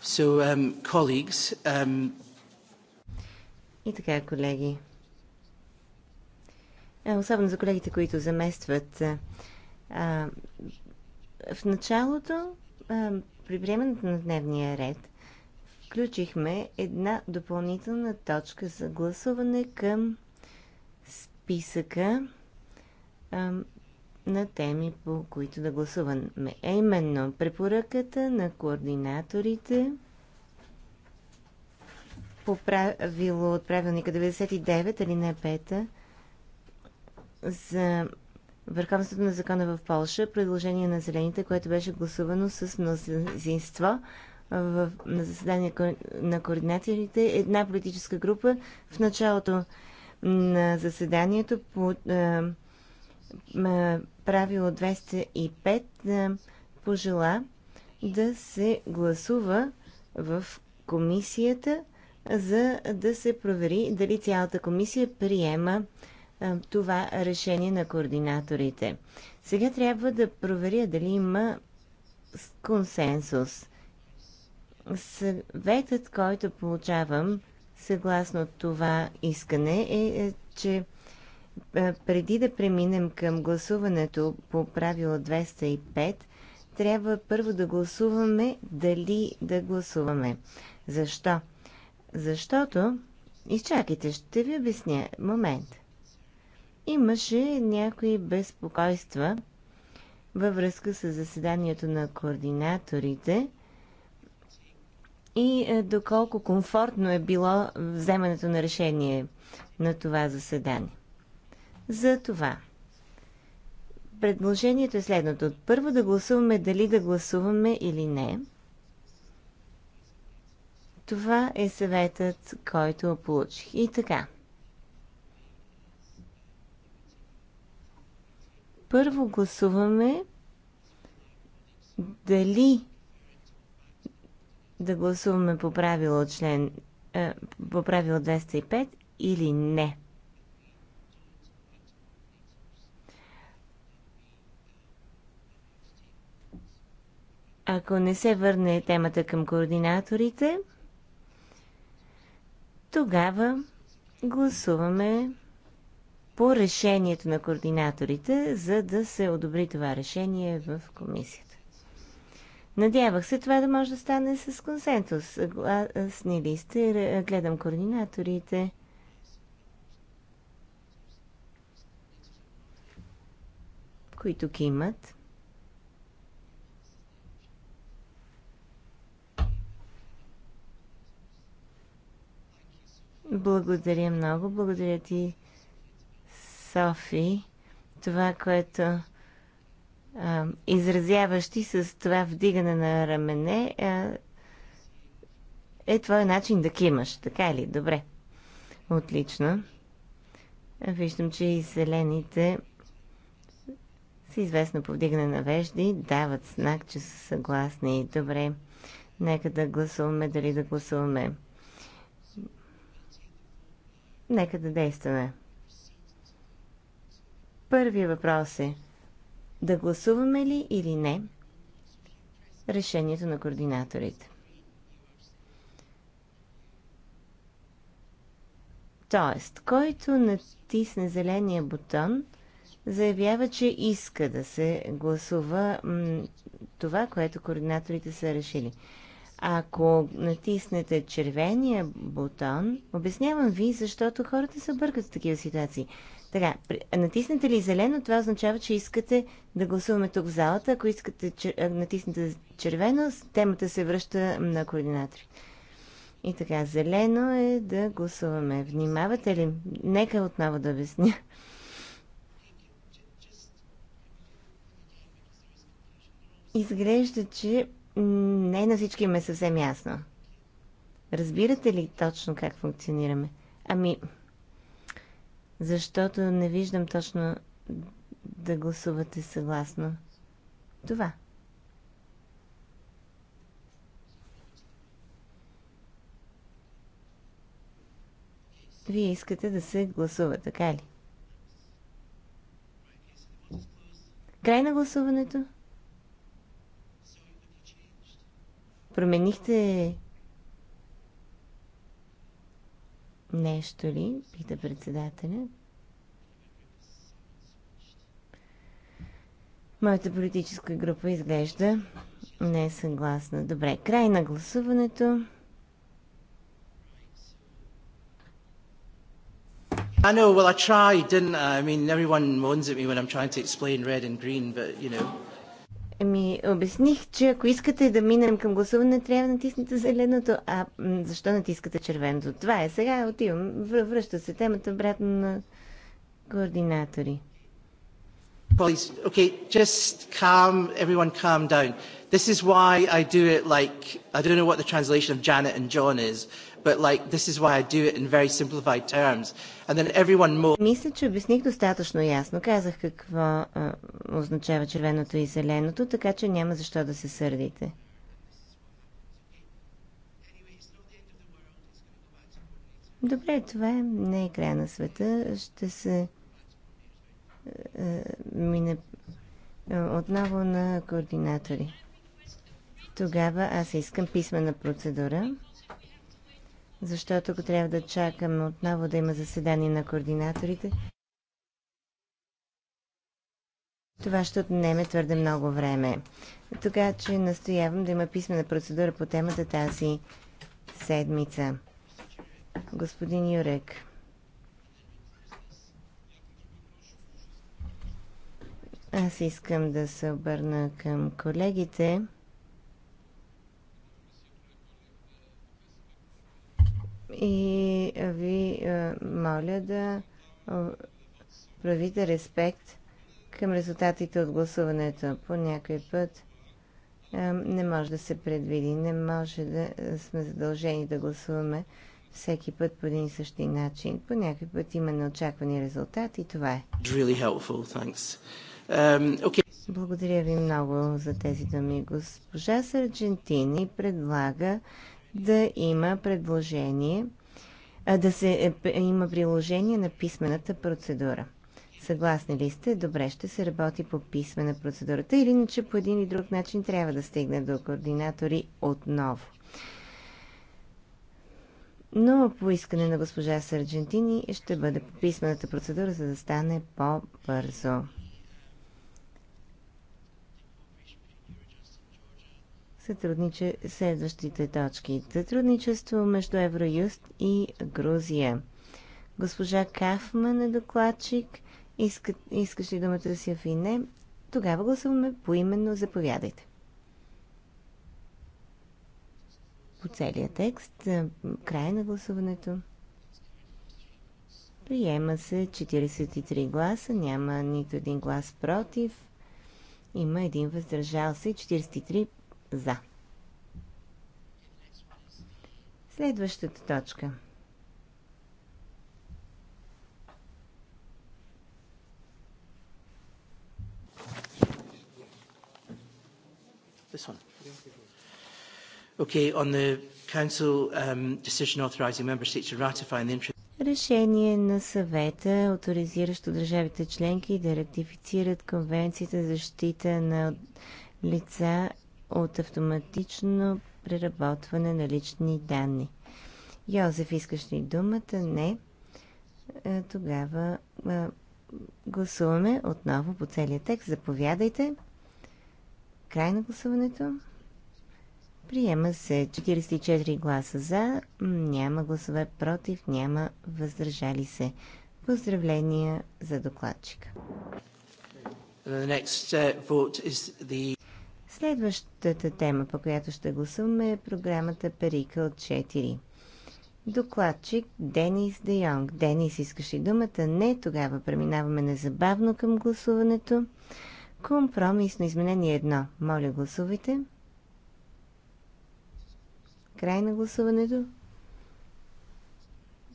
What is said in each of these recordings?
So, um, colleagues, um... И така, колеги. Е, особено за колегите, които заместват. Е, а, в началото, а, е, при приемането на дневния ред, включихме една допълнителна точка за гласуване към списъка а, на теми, по които да гласуваме. Е именно препоръката на координаторите по правило от правилника 99, не 5 за върховенството на закона в Польша, предложение на зелените, което беше гласувано с мнозинство в, на заседание на координаторите. Една политическа група в началото на заседанието по, е, правило 205 пожела да се гласува в комисията, за да се провери дали цялата комисия приема това решение на координаторите. Сега трябва да проверя дали има консенсус. Съветът, който получавам съгласно това искане е, е че е, преди да преминем към гласуването по правило 205, трябва първо да гласуваме дали да гласуваме. Защо? Защото, изчакайте, ще ви обясня. Момент. Имаше някои безпокойства във връзка с заседанието на координаторите и е, доколко комфортно е било вземането на решение на това заседание. За това предложението е следното. Първо да гласуваме дали да гласуваме или не. Това е съветът, който получих. И така. Първо гласуваме дали да гласуваме по правило член е, по правило 205 или не. Ако не се върне темата към координаторите, тогава гласуваме по решението на координаторите, за да се одобри това решение в комисията. Надявах се това да може да стане с консенсус. Гласни ли сте? Гледам координаторите. които кимат. Благодаря много. Благодаря ти, Софи. Това, което а, изразяващи с това вдигане на рамене, а, е твой начин да кимаш. Така ли? Добре. Отлично. Виждам, че и зелените с известно повдигане на вежди дават знак, че са съгласни. Добре, нека да гласуваме, дали да гласуваме Нека да действаме. Първият въпрос е да гласуваме ли или не решението на координаторите. Тоест, който натисне зеления бутон, заявява, че иска да се гласува това, което координаторите са решили. Ако натиснете червения бутон, обяснявам ви, защото хората се бъркат в такива ситуации. Така, натиснете ли зелено, това означава, че искате да гласуваме тук в залата. Ако искате, натиснете червено, темата се връща на координатори. И така, зелено е да гласуваме. Внимавате ли? Нека отново да обясня. Изглежда, че не на всички ме съвсем ясно. Разбирате ли точно как функционираме? Ами, защото не виждам точно да гласувате съгласно това. Вие искате да се гласува, така ли? Край на гласуването? Променихте нещо ли? Пита председателя. Моята политическа група изглежда не е съгласна. Добре, край на гласуването. I know, well, I tried, didn't I? I mean, everyone moans at me when I'm trying to explain red and green, but, you know ми обясних, че ако искате да минем към гласуване, трябва да натиснете зеленото. А защо натискате червеното? Това е. Сега отивам. Връща се темата обратно на координатори. Please, okay, just calm, everyone calm down. This is why I do it like, I don't know what the translation of Janet and John is, but like this is why I do it in very simplified terms. And then everyone more... Мисля, че обясних достатъчно ясно. Казах какво а, означава червеното и зеленото, така че няма защо да се сърдите. Добре, това е, не е края на света. Ще се а, мине отново на координатори. Тогава аз искам писмена процедура защото ако трябва да чакаме отново да има заседание на координаторите, това ще отнеме твърде много време. Така че настоявам да има писмена процедура по темата тази седмица. Господин Юрек. Аз искам да се обърна към колегите. и ви моля да правите респект към резултатите от гласуването. По някой път не може да се предвиди, не може да сме задължени да гласуваме всеки път по един и същи начин. По някой път има неочаквани резултати и това е. Um, Благодаря ви много за тези думи. Госпожа Сарджентини предлага да има предложение, да се е, има приложение на писмената процедура. Съгласни ли сте? Добре, ще се работи по писмена процедурата или иначе по един или друг начин трябва да стигне до координатори отново. Но по искане на госпожа Сарджентини ще бъде по писмената процедура, за да стане по-бързо. сътрудниче... следващите точки. Сътрудничество между Евроюст и Грузия. Госпожа Кафман е докладчик. Иска... Искаш ли думата да си афине? Тогава гласуваме поименно. Заповядайте. По целия текст. Край на гласуването. Приема се 43 гласа, няма нито един глас против, има един въздържал се 43 за. Следващата точка. This one. Okay, on the Council um, decision authorizing member states to ratify the interest решение на съвета, авторизиращо държавите членки да ратифицират Конвенцията за защита на лица от автоматично преработване на лични данни. Йозеф, искаш ли думата? Не. Е, тогава е, гласуваме отново по целия текст. Заповядайте. Край на гласуването. Приема се 44 гласа за, няма гласове против, няма въздържали се. Поздравления за докладчика. The next uh, vote is the Следващата тема, по която ще гласуваме, е програмата Перикъл 4. Докладчик Денис Де Йонг. Денис, искаш ли думата? Не, тогава преминаваме незабавно към гласуването. Компромисно изменение 1. Моля, гласувайте. Край на гласуването.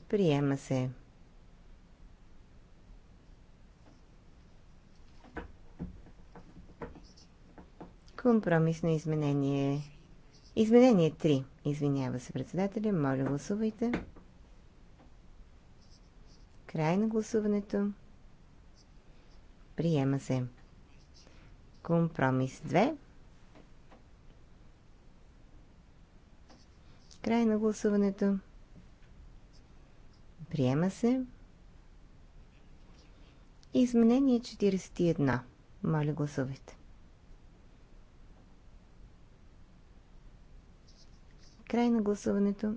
Приема се. Компромисно изменение. Изменение 3. Извинява се председателя. Моля, гласувайте. Край на гласуването. Приема се. Компромис 2. Край на гласуването. Приема се. Изменение 41. Моля гласувайте. Край на гласуването.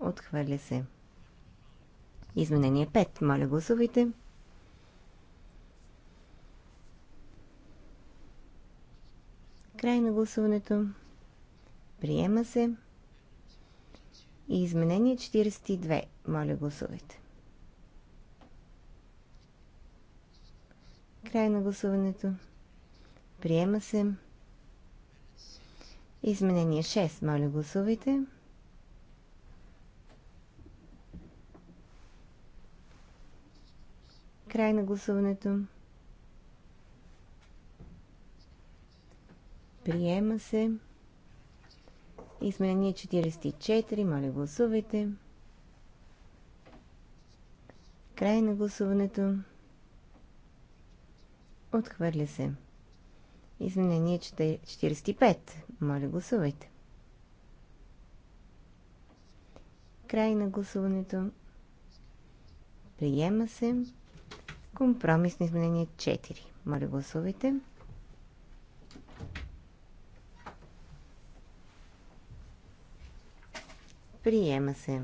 Отхвърля се. Изменение 5. Моля, гласувайте. Край на гласуването. Приема се. И изменение 42. Моля, гласувайте. Край на гласуването. Приема се. Изменение 6. Моля, гласувайте. Край на гласуването. Приема се. Изменение 44. Моля, гласувайте. Край на гласуването. Отхвърля се. Изменение 45. Моля, гласувайте. Край на гласуването. Приема се. Компромисно изменение 4. Моля, гласувайте. Приема се.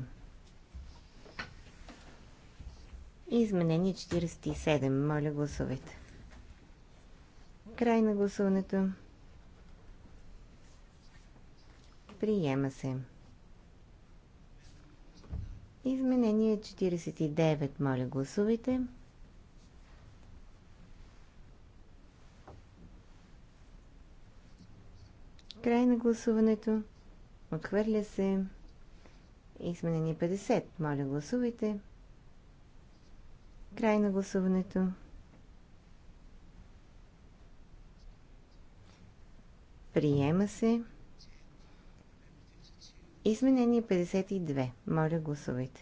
Изменение 47. Моля, гласувайте. Край на гласуването. Приема се. Изменение 49. Моля, гласувайте. Край на гласуването. Отхвърля се. Изменение 50. Моля, гласувайте. Край на гласуването. Приема се. Изменение 52. Моля, гласувайте.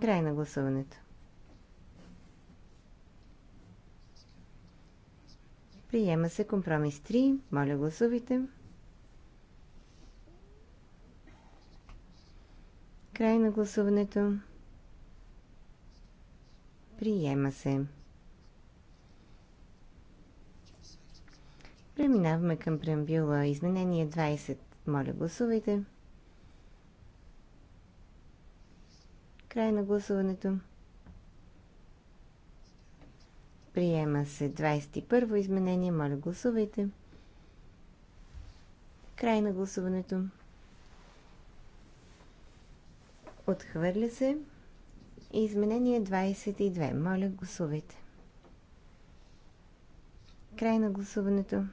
Край на гласуването. Приема се компромис 3. Моля, гласувайте. Край на гласуването. Приема се. Преминаваме към преамбюла. Изменение 20. Моля, гласувайте. Край на гласуването. Приема се 21 во изменение. Моля, гласувайте. Край на гласуването. Отхвърля се. Изменение 22. Моля, гласувайте. Край на гласуването.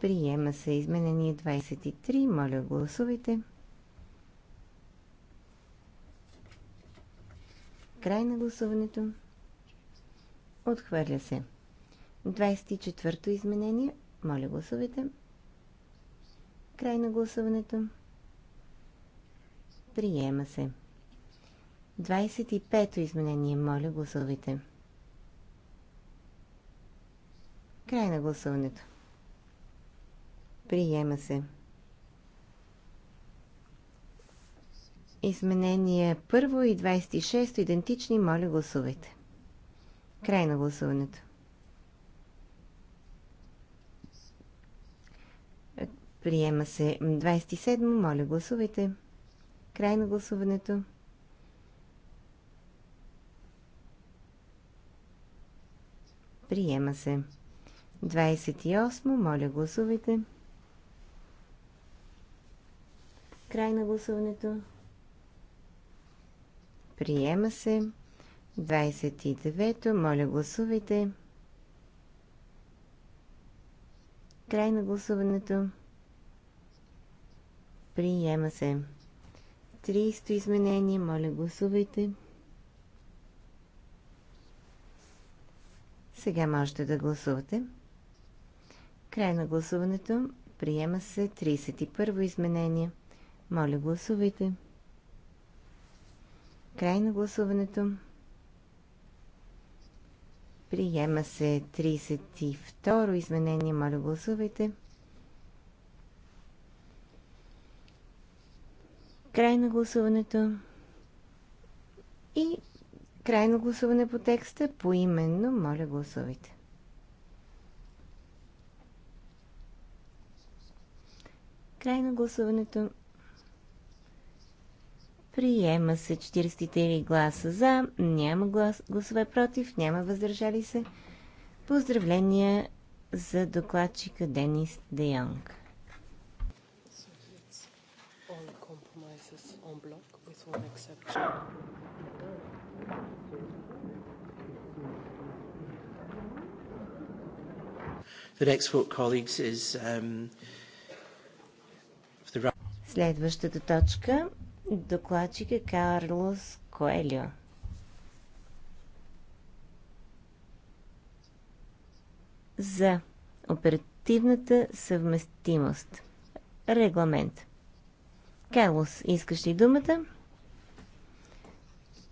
Приема се изменение 23. Моля, гласувайте. Край на гласуването. Отхвърля се. 24-то изменение. Моля, гласувайте. Край на гласуването. Приема се. 25-то изменение. Моля, гласувайте. Край на гласуването. Приема се. Изменения 1 и 26 идентични. Моля, гласувайте. Край на гласуването. Приема се 27. Моля, гласувайте. Край на гласуването. Приема се. 28. Моля, гласувайте. Край на гласуването. Приема се. 29-то. Моля, гласувайте. Край на гласуването. Приема се. 30-то изменение. Моля, гласувайте. Сега можете да гласувате. Край на гласуването. Приема се 31-во изменение. Моля, гласувайте. Край на гласуването. Приема се 32-ро изменение. Моля, гласувайте. Край на гласуването. И крайно гласуване по текста поименно. Моля, гласувайте. Край на гласуването. Приема се 43 гласа за, няма глас, гласове против, няма въздържали се. Поздравления за докладчика Денис Де Йонг. Um, Следващата точка Докладчик е Карлос Коелио. За оперативната съвместимост. Регламент. Карлос, искаш ли думата?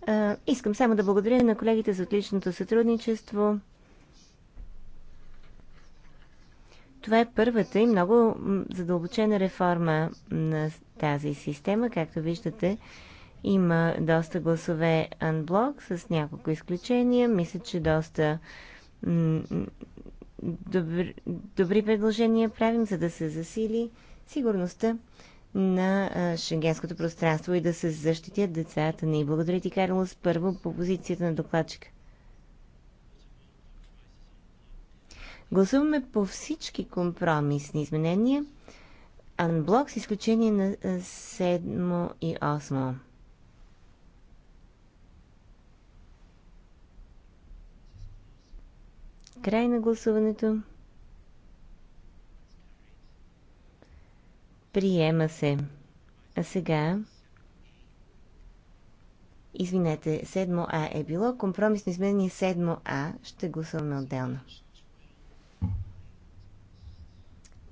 А, искам само да благодаря на колегите за отличното сътрудничество. Това е първата и много задълбочена реформа на тази система. Както виждате, има доста гласове анблок с няколко изключения. Мисля, че доста добри, добри предложения правим, за да се засили сигурността на шенгенското пространство и да се защитят децата ни. Благодаря ти, Карлос, първо по позицията на докладчика. Гласуваме по всички компромисни изменения, анблок с изключение на 7 и 8. Край на гласуването. Приема се. А сега... Извинете, 7А е било. Компромисно изменение 7А ще гласуваме отделно.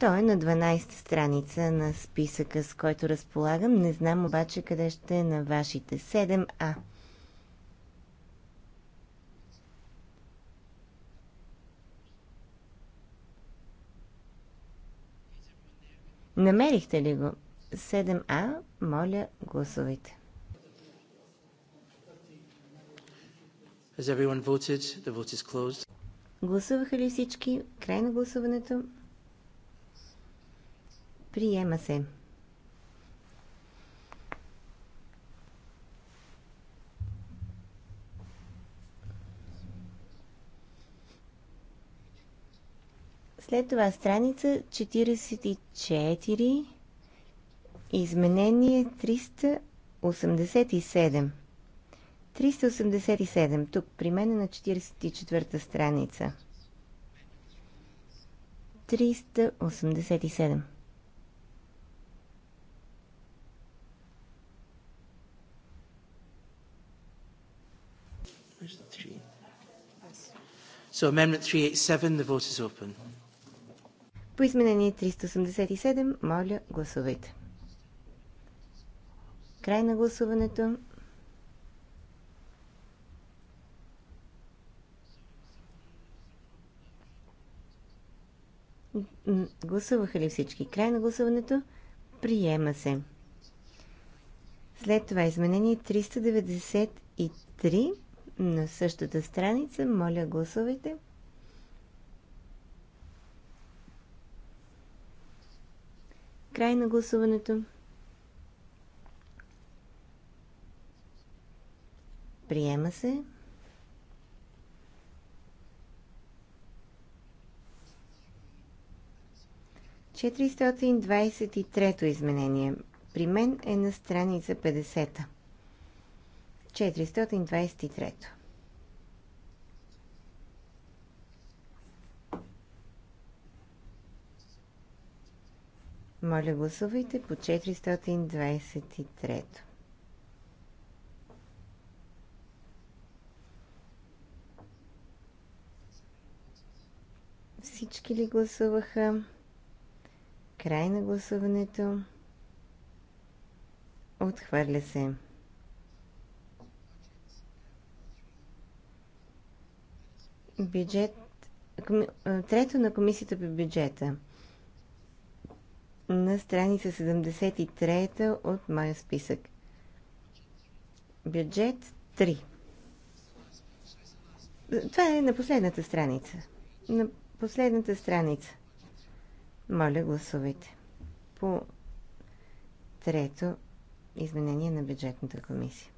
Той е на 12-та страница на списъка, с който разполагам. Не знам обаче къде ще е на вашите 7А. Намерихте ли го? 7А, моля, гласувайте. Гласуваха ли всички? Край на гласуването. Приема се. След това страница 44, изменение 387. 387, тук при мен е на 44-та страница. 387. So amendment 387, the vote is open. По изменение 387, моля, гласувайте. Край на гласуването. Гласуваха ли всички? Край на гласуването. Приема се. След това изменение 393 на същата страница. Моля, гласувайте. Край на гласуването. Приема се. Четиристотин изменение. При мен е на страница 50. -та. 423. Моля гласувайте по 423. Всички ли гласуваха? Край на гласуването. Отхвърля се. бюджет, трето на комисията по бюджета на страница 73 от моя списък. Бюджет 3. Това е на последната страница. На последната страница. Моля, гласувайте. По трето изменение на бюджетната комисия.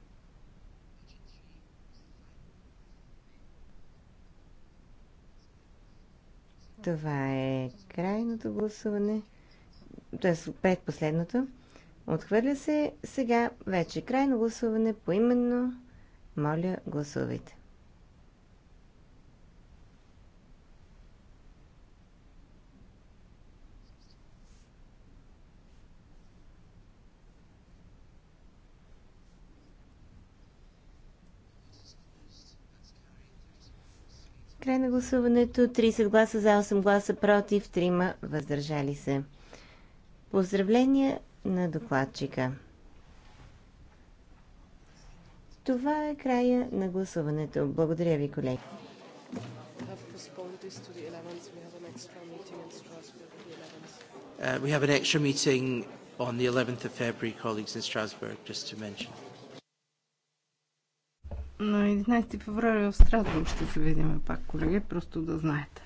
Това е крайното гласуване. Тоест, последното. Отхвърля се. Сега вече крайно гласуване, поименно. Моля, гласувайте. Край на гласуването. 30 гласа за, 8 гласа против, 3 въздържали се. Поздравления на докладчика. Това е края на гласуването. Благодаря ви, колеги. Uh, we have an extra meeting on the 11th of February, colleagues in Strasbourg, just to mention. На 11 февраля в Страсбург ще се видим пак, колеги, просто да знаете.